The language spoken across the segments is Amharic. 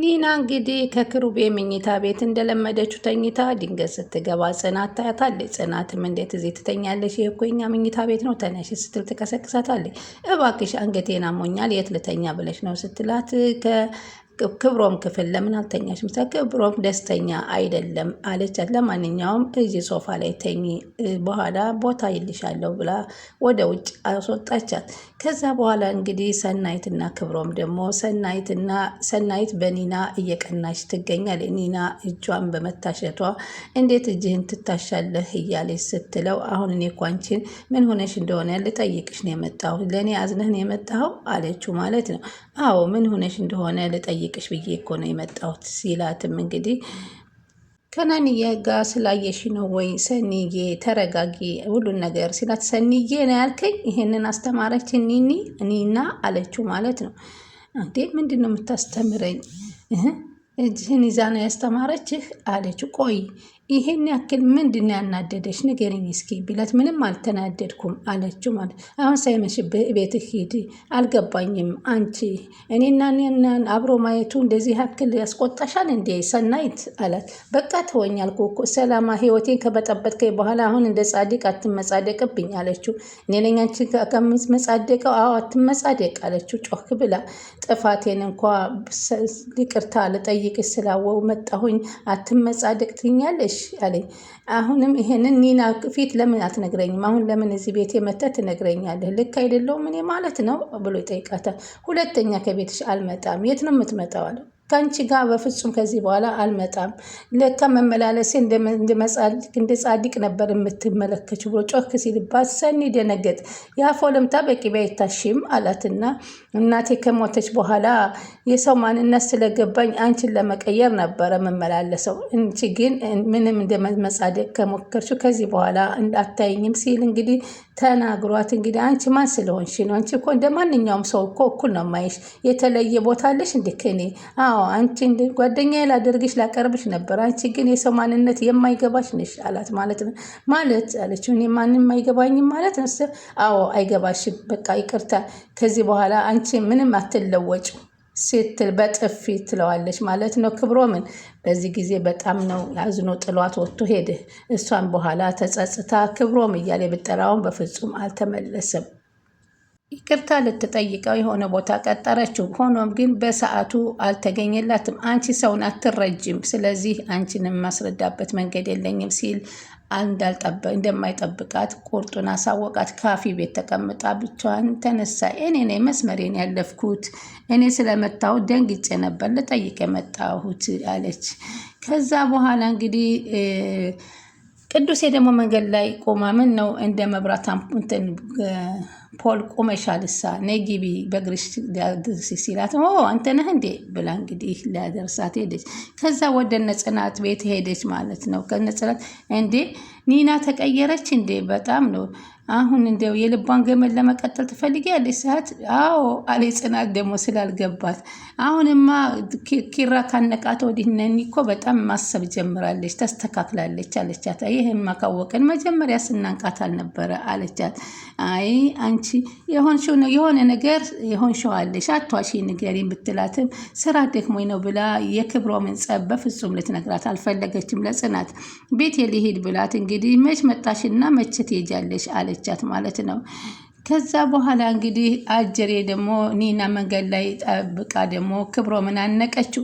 ኒና እንግዲህ ከክሩቤ መኝታ ቤት እንደለመደችው ተኝታ ድንገት ስትገባ ጽናት ታያታለች። ጽናትም እንዴት እዚህ ትተኛለች? ይህ እኮ የኛ መኝታ ቤት ነው ተነሽ ስትል ትቀሰቅሳታለች። እባክሽ አንገቴን አሞኛል የት ልተኛ ብለሽ ነው ስትላት ክብሮም ክፍል ለምን አልተኛሽም? ክብሮም ደስተኛ አይደለም አለቻት። ለማንኛውም እዚህ ሶፋ ላይ ተኝ፣ በኋላ ቦታ ይልሻለሁ ብላ ወደ ውጭ አስወጣቻት። ከዛ በኋላ እንግዲህ ሰናይትና ክብሮም ደግሞ ሰናይትና ሰናይት በኒና እየቀናች ትገኛል። ኒና እጇን በመታሸቷ እንዴት እጅህን ትታሻለህ እያለች ስትለው አሁን እኔ እኮ ምን ሆነሽ እንደሆነ ልጠይቅሽ ነው የመጣሁ ለእኔ አዝነህ ነው የመጣኸው አለችው ማለት ነው። አዎ ምን ሆነሽ እንደሆነ ልጠይቅ ልጠይቅሽ ብዬ እኮ ነው የመጣሁት ሲላትም እንግዲህ ከናንዬ ጋ ስላየሽ ነው ወይ ሰኒዬ፣ ተረጋጊ ሁሉን ነገር ሲላት፣ ሰኒዬ ነው ያልከኝ? ይሄንን አስተማረች ኒኒ እኔና አለችው ማለት ነው። እንዴ ምንድን ነው የምታስተምረኝ? እጅህን ይዛ ነው ያስተማረችህ አለችው። ቆይ ይሄን ያክል ምንድን ያናደደች ንገሪኝ እስኪ ቢላት ምንም አልተናደድኩም አለችው። ማለት አሁን ሳይመሽ ቤትህ ሂድ። አልገባኝም አንቺ እኔና አብሮ ማየቱ እንደዚህ ያክል ያስቆጣሻል እንዴ ሰናይት አላት። በቃ ተወኝ አልኩ እኮ ሰላማ፣ ህይወቴን ከበጠበጥከኝ በኋላ አሁን እንደ ጻድቅ አትመጻደቅብኝ አለችው። እኔ ነኝ አንቺ ከምትመጻደቀው? አዎ አትመጻደቅ አለችው ጮክ ብላ። ጥፋቴን እንኳ ይቅርታ ልጠይቅ ስላወው መጣሁኝ አትመጻደቅ ትኛለሽ አለኝ። አሁንም ይሄንን ኒና ፊት ለምን አትነግረኝም? አሁን ለምን እዚህ ቤት የመተህ ትነግረኛለህ? ልክ አይደለውም እኔ ማለት ነው ብሎ ይጠይቃታል። ሁለተኛ ከቤትሽ አልመጣም። የት ነው የምትመጣው? አለው ከአንቺ ጋር በፍጹም ከዚህ በኋላ አልመጣም። ለካ መመላለሴ እንደ ጻድቅ ነበር የምትመለከች ብሎ ጮክ ሲልባት ሰኒ ደነገጥ። የአፍ ወለምታ በቂ አይታሽም አላትና እናቴ ከሞተች በኋላ የሰው ማንነት ስለገባኝ አንቺን ለመቀየር ነበረ መመላለሰው። አንቺ ግን ምንም መጻደቅ ከሞከርሽ ከዚህ በኋላ እንዳታይኝም ሲል እንግዲህ ተናግሯት እንግዲህ አንቺ ማን ስለሆንሽ ነው? አንቺ እኮ እንደ ማንኛውም ሰው እኮ እኩል ነው ማይሽ። የተለየ ቦታ አለሽ ከኔ? አዎ አዎ አንቺ ጓደኛዬ ላደርግሽ ላቀርብሽ ነበር፣ አንቺ ግን የሰው ማንነት የማይገባሽ ነሽ አላት። ማለት ነው ማለት አለችው። እኔ ማንም አይገባኝም ማለት ነው። አዎ አይገባሽም፣ በቃ ይቅርታ፣ ከዚህ በኋላ አንቺ ምንም አትለወጭ ስትል በጥፊ ትለዋለች ማለት ነው። ክብሮምን በዚህ ጊዜ በጣም ነው አዝኖ ጥሏት ወጥቶ ሄደ። እሷን በኋላ ተጸጽታ ክብሮም እያለ ብጠራውን በፍጹም አልተመለሰም። ይቅርታ ልትጠይቀው የሆነ ቦታ ቀጠረችው። ሆኖም ግን በሰዓቱ አልተገኘላትም። አንቺ ሰውን አትረጅም፣ ስለዚህ አንቺንም የማስረዳበት መንገድ የለኝም ሲል እንደማይጠብቃት ቁርጡን አሳወቃት። ካፊ ቤት ተቀምጣ ብቻዋን ተነሳ። እኔ ነኝ መስመሬን ያለፍኩት፣ እኔ ስለመታሁ ደንግጬ ነበር ልጠይቅ የመጣሁት አለች። ከዛ በኋላ እንግዲህ ቅዱሴ ደግሞ መንገድ ላይ ቆማ ምን ነው እንደ መብራት እንትን ፖል ቁመሻ ልሳ ነጊቢ በእግርሽ ደርሲ ሲላት አንተ ነህ እንዴ ብላ እንግዲህ ሊያደርሳት ሄደች። ከዛ ወደ ነጽናት ቤት ሄደች ማለት ነው። ከነጽናት እንዴ ኒና ተቀየረች እንዴ በጣም ነው አሁን እንደው የልቧን ገመድ ለመቀጠል ትፈልጊ ትፈልጊያለሽ? ሰዓት አዎ አሌ ጽናት ደግሞ ስላልገባት። አሁንማ ኪራ ካነቃተ ወዲህ ነኒ እኮ በጣም ማሰብ ጀምራለች፣ ተስተካክላለች አለቻት። ይህማ ካወቅን መጀመሪያ ስናንቃት አልነበረ አለቻት። አይ አንቺ የሆነ ነገር የሆንሸዋለች አቷሺ አትዋሺ ንገሪኝ ብትላትም ስራ ደክሞኝ ነው ብላ የክብሮ ምንጸብ በፍጹም ልትነግራት አልፈለገችም። ለጽናት ቤት የሊሄድ ብላት እንግዲህ መች መጣሽና መቼ ትሄጃለሽ አለች። አለቻት ማለት ነው። ከዛ በኋላ እንግዲህ አጀሬ ደግሞ ኒና መንገድ ላይ ጠብቃ ደግሞ ክብሮ ምን አነቀችው፣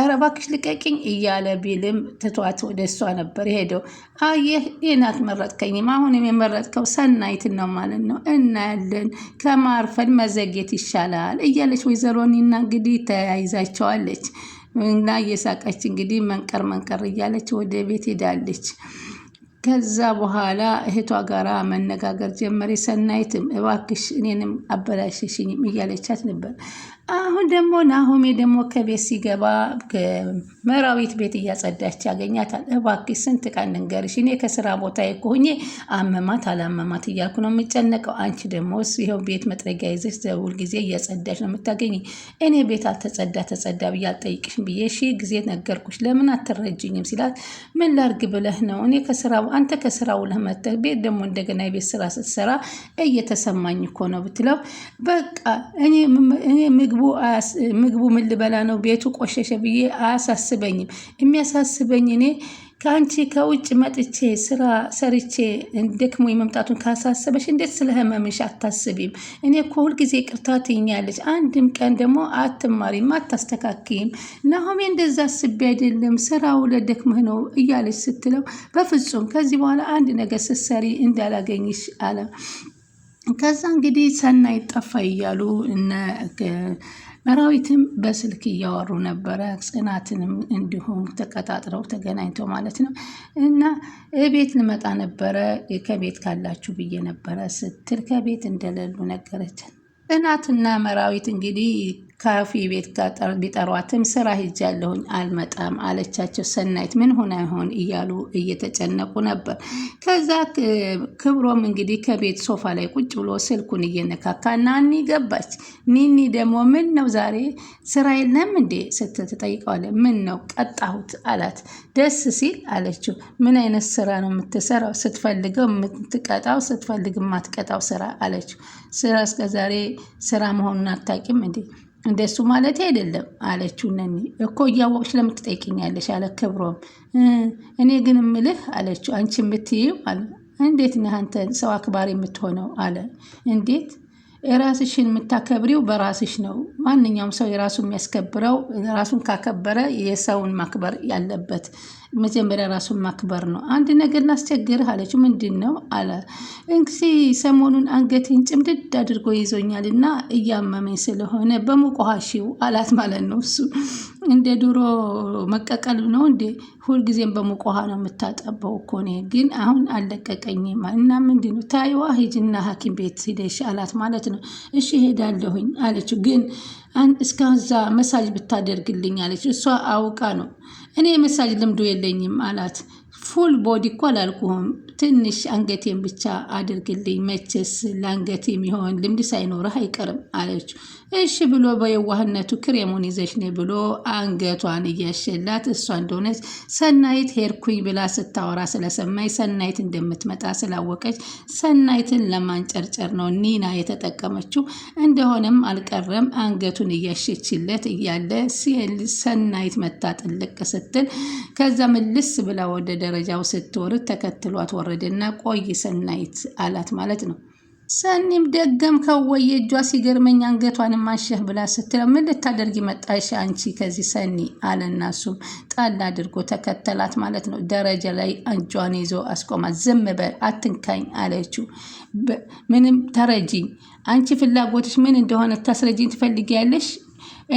ኧረ እባክሽ ልቀቂኝ እያለ ቢልም ትቷት ወደ እሷ ነበር ሄደው። አየህ ይህን አትመረጥከኝም፣ አሁንም የመረጥከው ሰናይትን ነው ማለት ነው። እናያለን፣ ከማርፈድ መዘጌት ይሻላል እያለች ወይዘሮ ኒና እንግዲህ ተያይዛቸዋለች እና እየሳቀች እንግዲህ መንቀር መንቀር እያለች ወደ ቤት ሄዳለች። ከዛ በኋላ እህቷ ጋራ መነጋገር ጀመር። የሰናይትም እባክሽ እኔንም አበላሸሽኝም እያለቻት ነበር። አሁን ደግሞ ናሆሜ ደግሞ ከቤት ሲገባ መራዊት ቤት እያጸዳች ያገኛታል። እባክሽ ስንት ቀን እንገርሽ፣ እኔ ከስራ ቦታ የኮሁኜ አመማት አላመማት እያልኩ ነው የምጨነቀው። አንቺ ደግሞ ይኸው ቤት መጥረጊያ ይዘሽ ዘውል ጊዜ እያጸዳች ነው የምታገኝ። እኔ ቤት አልተጸዳ ተጸዳ ብዬ አልጠይቅሽም ብዬ ሺ ጊዜ ነገርኩሽ፣ ለምን አትረጅኝም ሲላት፣ ምን ላርግ ብለህ ነው እኔ ከስራ አንተ ከስራ ውለህ ቤት ደግሞ እንደገና የቤት ስራ ስትሰራ እየተሰማኝ እኮ ነው ብትለው፣ በቃ እኔ ምግብ ምግቡ ምግቡ ምን ልበላ ነው ቤቱ ቆሸሸ ብዬ አያሳስበኝም። የሚያሳስበኝ እኔ ከአንቺ ከውጭ መጥቼ ስራ ሰርቼ ደክሞ መምጣቱን ካሳሰበሽ እንዴት ስለ ህመምሽ አታስቢም? እኔ እኮ ሁልጊዜ ቅርታ ትይኛለች፣ አንድም ቀን ደግሞ አትማሪም አታስተካክይም። ናሆሜ እንደዛ አስቤ አይደለም ስራው ለደክምህ ነው እያለች ስትለው፣ በፍጹም ከዚህ በኋላ አንድ ነገር ስትሰሪ እንዳላገኝሽ አለ። ከዛ እንግዲህ ሰናይ ጠፋ እያሉ እነ መራዊትም በስልክ እያወሩ ነበረ። ጽናትንም እንዲሁም ተቀጣጥረው ተገናኝተው ማለት ነው። እና ቤት ልመጣ ነበረ ከቤት ካላችሁ ብዬ ነበረ ስትል ከቤት እንደሌሉ ነገረችን። ጽናትና መራዊት እንግዲህ ካፊ ቤት ጋር ቢጠሯትም ስራ ሂጃለሁኝ አልመጣም አለቻቸው። ሰናይት ምን ሆና ይሆን እያሉ እየተጨነቁ ነበር። ከዛ ክብሮም እንግዲህ ከቤት ሶፋ ላይ ቁጭ ብሎ ስልኩን እየነካካ ናኒ ገባች። ኒኒ ደግሞ ምን ነው ዛሬ ስራ የለም እንዴ ስትትጠይቀዋለ ምን ነው ቀጣሁት አላት። ደስ ሲል አለችው። ምን አይነት ስራ ነው የምትሰራው? ስትፈልገው የምትቀጣው፣ ስትፈልግ የማትቀጣው ስራ አለችው። ስራ እስከዛሬ ስራ መሆኑን አታውቂም እንዴ እንደሱ ማለት አይደለም አለችው። ነኒ እኮ እያወቅሽ ለምን አለ ክብሮም። እኔ ግን ምልህ አለችው። አንቺ የምትይው እንዴት ነህ ሰው አክባሪ የምትሆነው? አለ እንዴት ራስሽን የምታከብሪው በራስሽ ነው። ማንኛውም ሰው የራሱ የሚያስከብረው ራሱን ካከበረ የሰውን ማክበር ያለበት መጀመሪያ ራሱን ማክበር ነው። አንድ ነገር ላስቸግርህ አለችው። ምንድን ነው አለ። እንግዲህ ሰሞኑን አንገቴን ጭምድድ አድርጎ ይዞኛል እና እያመመኝ ስለሆነ በሙቅ አላት ማለት ነው እሱ እንደ ድሮ መቀቀል ነው እንዴ? ሁልጊዜም በሙቅ ውሃ ነው የምታጠበው እኮ እኔ ግን አሁን አልለቀቀኝም። እና ምንድን ነው ታይዋ ሂጂና ሐኪም ቤት ሂደሽ አላት ማለት ነው። እሺ ሄዳለሁኝ አለችው። ግን እስከዛ መሳጅ ብታደርግልኝ አለች። እሷ አውቃ ነው እኔ መሳጅ ልምዱ የለኝም አላት ፉል ቦዲ እኮ አላልኩህም፣ ትንሽ አንገቴን ብቻ አድርግልኝ፣ መቼስ ለአንገት የሚሆን ልምድ ሳይኖርህ አይቀርም አለችው። እሺ ብሎ በየዋህነቱ ክሬሙን ይዘሽ ነይ ብሎ አንገቷን እያሸላት፣ እሷ እንደሆነች ሰናይት ሄድኩኝ ብላ ስታወራ ስለሰማኝ ሰናይት እንደምትመጣ ስላወቀች ሰናይትን ለማንጨርጨር ነው ኒና የተጠቀመችው። እንደሆነም አልቀረም አንገቱን እያሸችለት እያለ ሲል ሰናይት መታ ጥልቅ ስትል ከዛ ምልስ ብላ ወደደ ደረጃው ስትወርድ ተከትሏት ወረደና ቆይ ሰናይት አላት ማለት ነው። ሰኒም ደገም ከወየ እጇ ሲገርመኝ አንገቷን ማሸህ ብላ ስትለው ምን ልታደርጊ መጣሽ አንቺ ከዚህ ሰኒ አለና እናሱም ጣል አድርጎ ተከተላት ማለት ነው። ደረጃ ላይ እጇን ይዞ አስቆማት። ዝም በል አትንካኝ አለችው። ምንም ተረጂኝ አንቺ ፍላጎትሽ ምን እንደሆነ ታስረጂኝ ትፈልጊያለሽ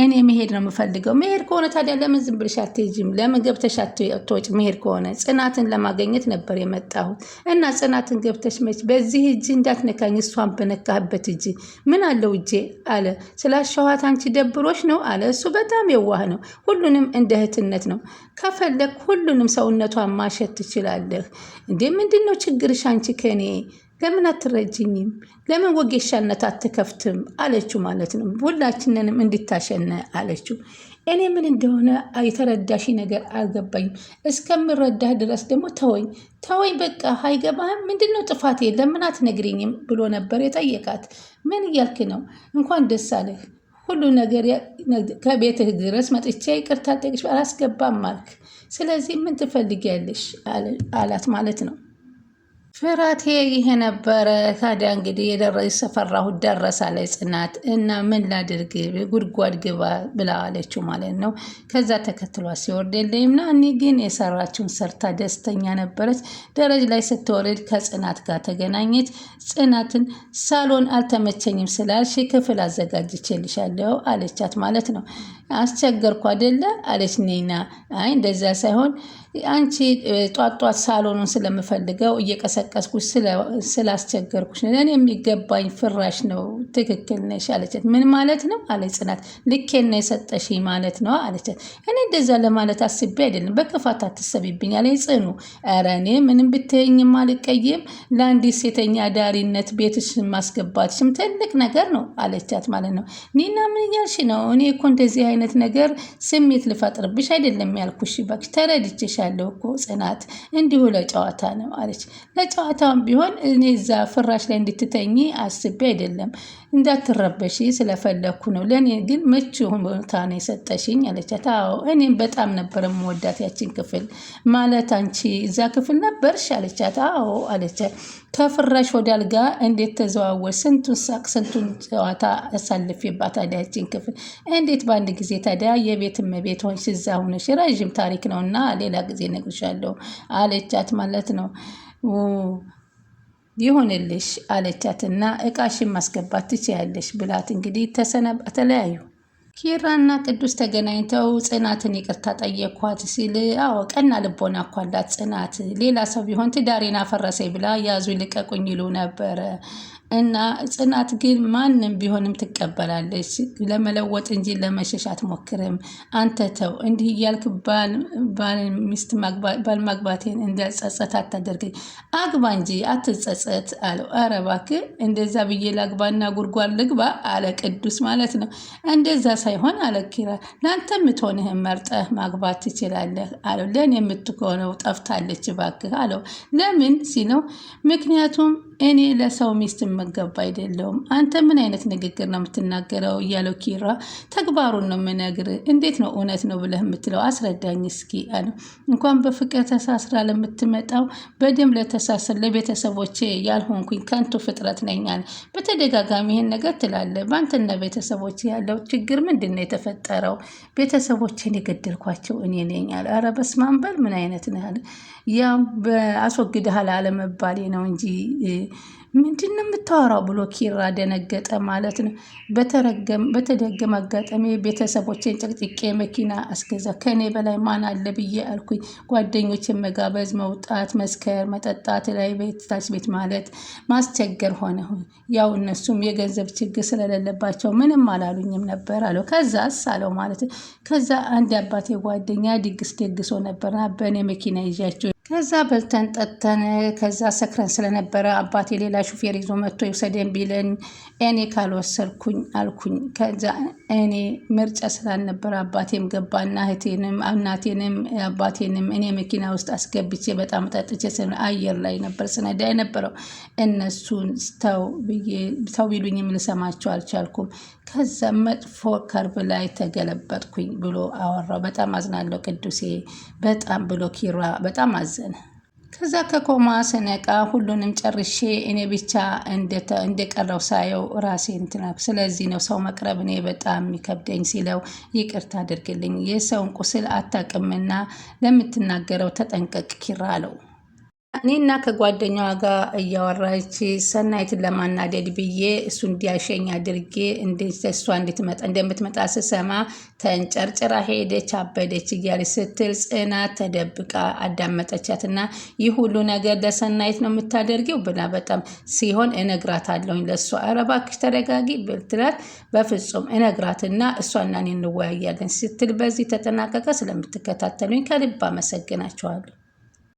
እኔ መሄድ ነው የምፈልገው። መሄድ ከሆነ ታዲያ ለምን ዝም ብለሽ አትሄጂም? ለምን ገብተሽ አትወጪ? መሄድ ከሆነ ጽናትን ለማገኘት ነበር የመጣሁት እና ጽናትን ገብተሽ መች በዚህ እጅ እንዳትነካኝ፣ እሷን በነካህበት እጅ ምን አለው እጄ አለ ስላሸዋት። አንቺ ደብሮች ነው አለ እሱ። በጣም የዋህ ነው። ሁሉንም እንደ እህትነት ነው። ከፈለግ ሁሉንም ሰውነቷን ማሸት ትችላለህ። እንዴ ምንድን ነው ችግርሽ አንቺ ከኔ ለምን አትረጅኝም? ለምን ወጌሻነት አትከፍትም? አለችው ማለት ነው ሁላችንንም እንድታሸን እንትን አለችው። እኔ ምን እንደሆነ የተረዳሽ ነገር አልገባኝም። እስከምረዳህ ድረስ ደግሞ ተወኝ ተወኝ፣ በቃ አይገባህም። ምንድን ነው ጥፋቴ? ለምን አትነግሪኝም? ብሎ ነበር የጠየቃት። ምን እያልክ ነው? እንኳን ደስ አለህ ሁሉ ነገር ከቤትህ ድረስ መጥቼ ይቅርታ ጠቅሽ አላስገባም አልክ። ስለዚህ ምን ትፈልጊያለሽ? አላት ማለት ነው ፍራቴ ይሄ ነበረ። ታዲያ እንግዲህ የደረሰ ፈራሁት ደረሳ ላይ ጽናት እና ምን ላድርግ ጉድጓድ ግባ ብላ አለችው ማለት ነው። ከዛ ተከትሏ ሲወርድ የለይም ና እኔ ግን የሰራችውን ሰርታ ደስተኛ ነበረች። ደረጅ ላይ ስትወርድ ከጽናት ጋር ተገናኘች። ጽናትን ሳሎን አልተመቸኝም ስላልሽ ክፍል አዘጋጅቼልሻለሁ አለቻት ማለት ነው። አስቸገርኩ አይደለ አለች። ኔና አይ እንደዚያ ሳይሆን አንቺ ጧጧት ሳሎኑን ስለምፈልገው እየቀሰቀስኩሽ ስላስቸገርኩሽ ነው፣ ለእኔ የሚገባኝ ፍራሽ ነው። ትክክል ነሽ አለቻት። ምን ማለት ነው አለ ጽናት። ልኬን ነው የሰጠሽ ማለት ነው አለቻት። እኔ እንደዛ ለማለት አስቤ አይደለም፣ በክፋት አትሰቢብኝ አለ ጽኑ። ኧረ እኔ ምንም ብትይኝም አልቀይም፣ ለአንዲት ሴተኛ ዳሪነት ቤትሽ ማስገባትሽም ትልቅ ነገር ነው አለቻት ማለት ነው። ኒና ምን እያልሽ ነው? እኔ እኮ እንደዚህ አይነት ነገር ስሜት ልፈጥርብሽ አይደለም ያልኩሽ፣ እባክሽ ተረድቼሻል ያለው እኮ ጽናት እንዲሁ ለጨዋታ ነው አለች። ለጨዋታም ቢሆን እኔ እዛ ፍራሽ ላይ እንድትተኝ አስቤ አይደለም እንዳትረበሺ ስለፈለግኩ ነው። ለእኔ ግን ምቹ ቦታ ነው የሰጠሽኝ አለቻት። አዎ እኔም በጣም ነበር የምወዳት ያችን ክፍል። ማለት አንቺ እዛ ክፍል ነበርሽ አለቻት። አዎ አለቻት። ከፍራሽ ወደ አልጋ እንዴት ተዘዋወር፣ ስንቱን ሳቅ፣ ስንቱን ጨዋታ አሳልፌባት ታዲያ ያችን ክፍል እንዴት በአንድ ጊዜ ታዲያ የቤት እመቤት ሆንሽ? እዛ ሆነሽ ረዥም ታሪክ ነው እና ሌላ ጊዜ እነግርሻለሁ አለቻት ማለት ነው። ይሁንልሽ አለቻትና እቃሽን ማስገባት ትችያለሽ ብላት እንግዲህ ተለያዩ። ኪራና ቅዱስ ተገናኝተው ጽናትን ይቅርታ ጠየኳት ሲል አዎ ቀና ልቦና እኮ አላት ጽናት፣ ሌላ ሰው ቢሆን ትዳሬን አፈረሰኝ ብላ ያዙ ልቀቁኝ ይሉ ነበረ እና ጽናት ግን ማንም ቢሆንም ትቀበላለች። ለመለወጥ እንጂ ለመሸሽ አትሞክርም። አንተ ተው እንዲህ እያልክ ባል ሚስት ባል ማግባቴን እንደ ጸጸት አታደርገኝ። አግባ እንጂ አትጸጸት አለው። ኧረ እባክህ እንደዛ ብዬ ላግባና ጉድጓድ ልግባ አለ ቅዱስ ማለት ነው። እንደዛ ሳይሆን አለ ኪራ፣ ለአንተ የምትሆንህን መርጠህ ማግባት ትችላለህ አለው። ለእኔ የምትሆነው ጠፍታለች እባክህ አለው። ለምን ሲለው ምክንያቱም እኔ ለሰው ሚስት መገባ አይደለውም። አንተ ምን አይነት ንግግር ነው የምትናገረው? እያለው ኪራ ተግባሩን ነው የምነግር። እንዴት ነው እውነት ነው ብለህ የምትለው? አስረዳኝ እስኪ አለ። እንኳን በፍቅር ተሳስራ ለምትመጣው በደም ለተሳስር ለቤተሰቦቼ ያልሆንኩኝ ከንቱ ፍጥረት ነኛል። በተደጋጋሚ ይህን ነገር ትላለህ። በአንተና ቤተሰቦች ያለው ችግር ምንድን ነው የተፈጠረው? ቤተሰቦችን የገደልኳቸው እኔ ነኛል። አለ። ኧረ በስመ አብ በል ምን አይነት ነህ ያ ያው በአስወግድሃል አለመባሌ ነው እንጂ ምንድን ነው የምታወራው ብሎ ኪራ ደነገጠ ማለት ነው። በተደገመ አጋጣሚ ቤተሰቦችን ጭቅጭቄ መኪና አስገዛ ከእኔ በላይ ማን አለ ብዬ አልኩኝ። ጓደኞችን መጋበዝ፣ መውጣት፣ መስከር፣ መጠጣት ላይ ቤት ታች ቤት ማለት ማስቸገር ሆነ። ያው እነሱም የገንዘብ ችግር ስለሌለባቸው ምንም አላሉኝም ነበር አለው። ከዛስ አለው ማለት ከዛ አንድ አባቴ ጓደኛ ድግስ ደግሶ ነበርና በእኔ መኪና ይዣቸው ከዛ በልተን ጠጥተን ከዛ ሰክረን ስለነበረ አባቴ ሌላ ሹፌር ይዞ መጥቶ ይውሰደን ቢለን እኔ ካልወሰድኩኝ አልኩኝ። ከዛ እኔ ምርጫ ስላልነበረ አባቴም ገባ እናቴንም እናቴንም አባቴንም እኔ መኪና ውስጥ አስገብቼ በጣም ጠጥቼ አየር ላይ ነበር ስነዳ የነበረው። እነሱን ተው ቢሉኝ ልሰማቸው አልቻልኩም። ከዛ መጥፎ ከርብ ላይ ተገለበጥኩኝ ብሎ አወራው። በጣም አዝናለው ቅዱሴ በጣም ብሎ ኪራ በጣም አዘ ከዛ ከኮማ ስነቃ ሁሉንም ጨርሼ እኔ ብቻ እንደቀረው ሳየው ራሴ እንትና ስለዚህ ነው ሰው መቅረብ እኔ በጣም የሚከብደኝ ሲለው ይቅርታ አድርግልኝ፣ የሰውን ቁስል አታቅምና ለምትናገረው ተጠንቀቅ ኪራ አለው። እኔና ከጓደኛዋ ጋር እያወራች ሰናይትን ለማናደድ ብዬ እሱ እንዲያሸኝ አድርጌ እሷ እንድትመጣ እንደምትመጣ ስሰማ ተንጨርጭራ ሄደች፣ አበደች እያለች ስትል ጽናት ተደብቃ አዳመጠቻት እና ይህ ሁሉ ነገር ለሰናይት ነው የምታደርጊው ብላ በጣም ሲሆን እነግራታለሁኝ ለእሷ ኧረ እባክሽ ተረጋጊ ብትላት በፍጹም እነግራትና እሷና እኔ እንወያያለን ስትል በዚህ ተጠናቀቀ። ስለምትከታተሉኝ ከልብ አመሰግናችኋለሁ።